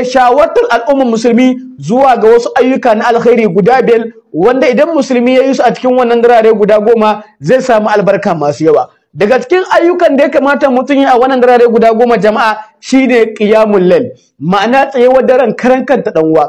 shawartar al'ummar musulmi zuwa ga wasu ayyuka na alkhairi guda biyar wanda idan musulmi ya yi su a cikin wannan dare guda goma zai samu albarka masu yawa daga cikin ayyukan da ya kamata mutum yi a wannan dare guda goma jama'a shine qiyamul lail ma'ana tsayewar daren karan ta dan uwa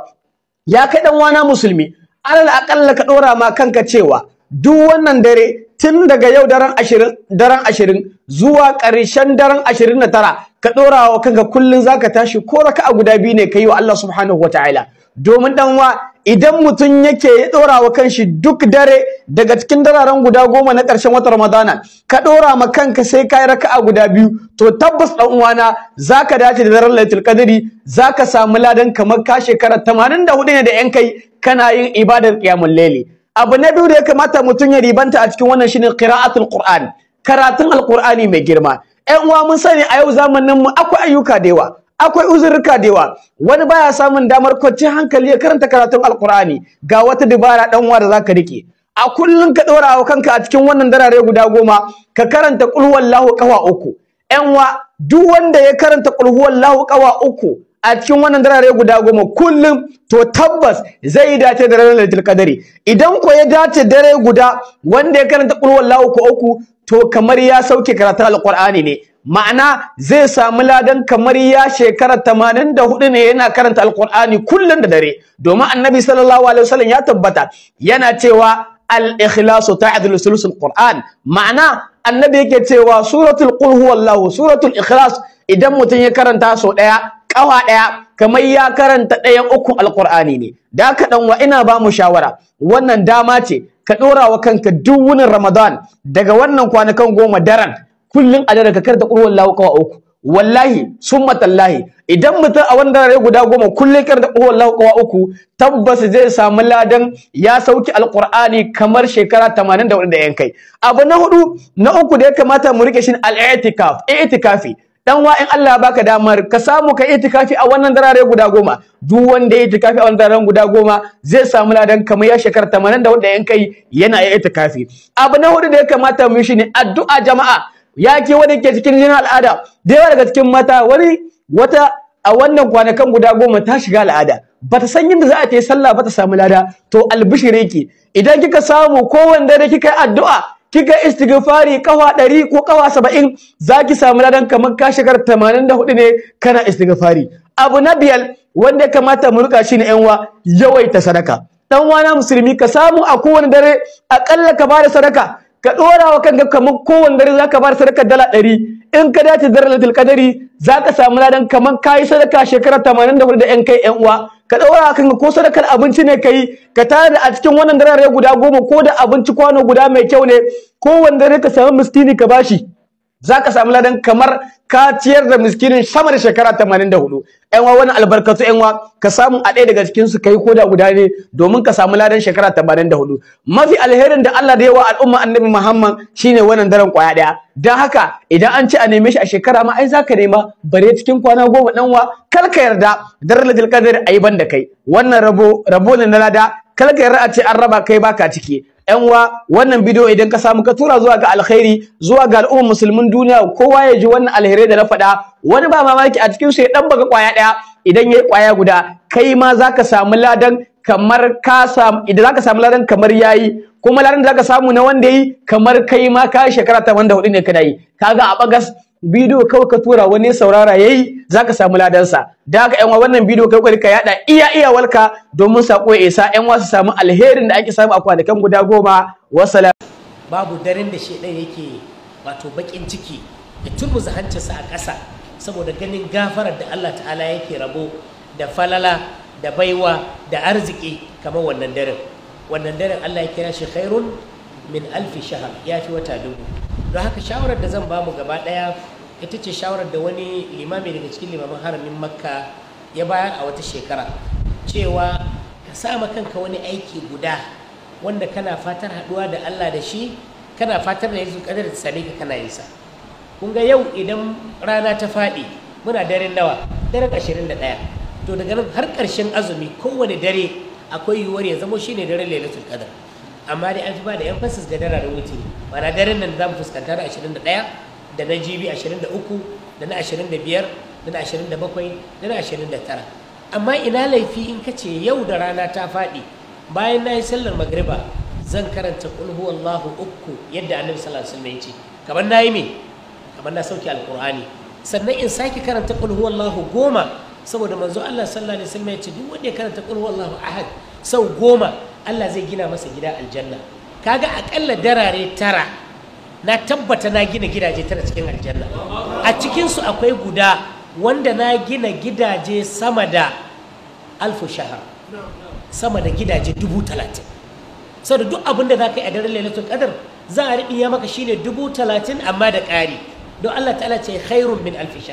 ya kai dan uwa na musulmi alal akalla ka dora ma kanka cewa duk wannan dare tun daga yau daren ashirin daren ashirin zuwa ƙarshen daren ashirin na tara ka ɗora wa kanka kullum za ka tashi ko raka a guda biyu ne ka yi wa Allah subhanahu wa ta'ala domin ɗan wa idan mutum yake ya ɗora wa kanshi duk dare daga cikin dararen guda goma na ƙarshen watan Ramadana ka ɗora ma kanka sai ka yi a guda biyu to tabbas ɗan uwana za ka dace da daren kadiri za ka samu ladan kamar ka shekara 84 ne da yan kai kana yin ibadar qiyamul lele abu na biyu da ya kamata mutum ya ribanta a cikin wannan shine qira'atul qur'an karatun alqur'ani mai girma ƴan uwa mun sani a yau zamanin mu akwai ayyuka da yawa akwai uzurruka da yawa wani baya samun damar kwanciyar hankali ya karanta karatun alqur'ani ga wata dubara ɗan uwa da zaka rike a kullum ka ɗora wa kanka a cikin wannan darare guda goma ka karanta qul huwallahu qawa uku ƴan uwa duk wanda ya karanta qul huwallahu qawa uku a cikin wannan darare guda goma kullum to tabbas zai yi dace da ranar Lailatul Qadari idan ko ya dace dare guda wanda ya karanta qul wallahu ko uku to kamar ya sauke karatun alqur'ani ne ma'ana zai samu ladan kamar ya shekara 84 ne yana karanta alqur'ani kullum da dare domin annabi sallallahu alaihi wasallam ya tabbata yana cewa al-ikhlasu ta'dilu sulusul qur'an ma'ana annabi yake cewa suratul qul huwallahu suratul ikhlas idan mutum ya karanta sau ɗaya. kawa daya kamar ya karanta ɗayan uku alqur'ani ne da ka dan wa ina ba mu shawara wannan dama ce ka dora wa kanka duk ramadan daga wannan kwanakan goma daren kullun a dare ka karanta qul wallahu kawa uku wallahi summa tallahi idan mutum a wannan dare guda goma kullun karanta qul wallahu kawa uku tabbas zai samu ladan ya sauki alqur'ani kamar shekara 84 da yankai abu na hudu na uku da ya kamata mu rike shi al-i'tikaf i'tikafi dan wa in Allah baka damar ka samu ka itikafi a wannan darare guda goma duk wanda ya itikafi a wannan dararen guda goma zai samu ladan kamar ya shekara 80 da wanda yan kai yana ya itikafi abu na hudu da ya kamata mu yi shi ne addu'a jama'a ya ke wanda ke cikin jinin al'ada da yawa daga cikin mata wani wata a wannan kwanakan guda goma ta shiga al'ada bata san yadda za a ta yi sallah bata samu lada to albishire ki idan kika samu ko wanda da kika yi addu'a kika istighfari kawa ɗari ko kawa 70 zaki samu ladan kamar ka shigar 84 ne kana istighfari abu na biyar wanda kamata mu rika ne yan wa yawaita sadaka dan wana musulmi ka samu a kowane dare akalla ka bada sadaka ka dora wa kanka kamar kowane dare zaka bada sadaka dala ɗari. in ka dace da lailatul qadari zaka samu ladan kamar kai sadaka shekara 84 da yan kai yan uwa ka daura kan ko sadakar abinci ne ka yi ka tare a cikin wannan dare guda goma ko da abinci kwano guda mai kyau ne ko wanda ne ka samu miskini ka bashi Za ka samu ladan kamar ka ciyar da miskinin sama da shekara 84 ƴan wa wani albarkatu yanwa wa ka samu a ɗaya daga cikin su ko da guda ne domin ka samu ladan shekara 84 mafi alherin da Allah da yawa al'umma annabi Muhammad shine wannan daren kwaya ɗaya dan haka idan an ci a neme shi a shekara ma ai zaka nema bare cikin kwana goma ɗan wa kar ka yarda darajar a yi ban da kai wannan rabo rabo ne na lada kar ka yarda a ce an raba kai baka ciki yan uwa wannan bidiyo idan ka samu ka tura zuwa ga alkhairi zuwa ga al'ummar musulmin duniya kowa ya ji wannan alherai da na faɗa wani ba mamaki a cikin su ya dan baka kwaya daya idan yayi kwaya guda kai ma zaka samu ladan kamar ka samu idan zaka samu ladan kamar yayi kuma ladan da zaka samu na wanda yi kamar kai ma ka shekara 84 ne kana yi kaga a bagas bidiyo kawai ka tura wani saurara yayi zaka samu ladansa da haka yan wannan bidiyo kai kokari ka yada iya iya walka domin sako ya isa yan wasu samu alherin da ake samu a kwanakan guda goma wasala babu daren da shi ɗaya yake wato bakin ciki ya turmuza hancinsa a ƙasa saboda ganin gafarar da Allah ta'ala yake rabo da falala da baiwa da arziki kamar wannan daren wannan daren Allah ya kira shi khairun min alfi shahar ya fi wata dubu don haka shawarar da zan bamu gaba ɗaya ita ce shawarar da wani limami daga cikin limamin haramin makka ya bayar a wata shekara cewa ka sama kanka wani aiki guda wanda kana fatar haɗuwa da allah da shi kana fatar da yanzu kadar da same ka kana yinsa kun ga yau idan rana ta faɗi muna dare nawa dare ashirin da ɗaya to daga nan har ƙarshen azumi kowane dare akwai yiwuwar ya zamo shine daren lailatul qadr amma dai an fi ba da fasis ga dararen wuce mana daren nan za mu fuskanta da ashirin da ɗaya da na gb 23 da na 25 da na 27 da na 29 amma ina laifi in ka ce yau da rana ta faɗi bayan na yi sallar magriba zan karanta kulhu wallahu uku yadda annabi sallallahu alaihi wasallam ya ce kamar na yi me kamar na sauke alkur'ani sannan in sake karanta kulhu wallahu goma saboda manzo Allah sallallahu alaihi wasallam ya ce duk wanda ya karanta kulhu wallahu ahad sau goma Allah zai gina masa gida aljanna kaga akalla darare tara na tabbata na gina gidaje tara cikin aljanna a cikin su akwai guda wanda na gina gidaje sama da alfu shahar sama da gidaje dubu talatin saboda duk abin da za ka yi a daren lailatul qadar za a riɓi ya maka shi ne dubu talatin amma da ƙari don allah ta'ala ce khairun min alfi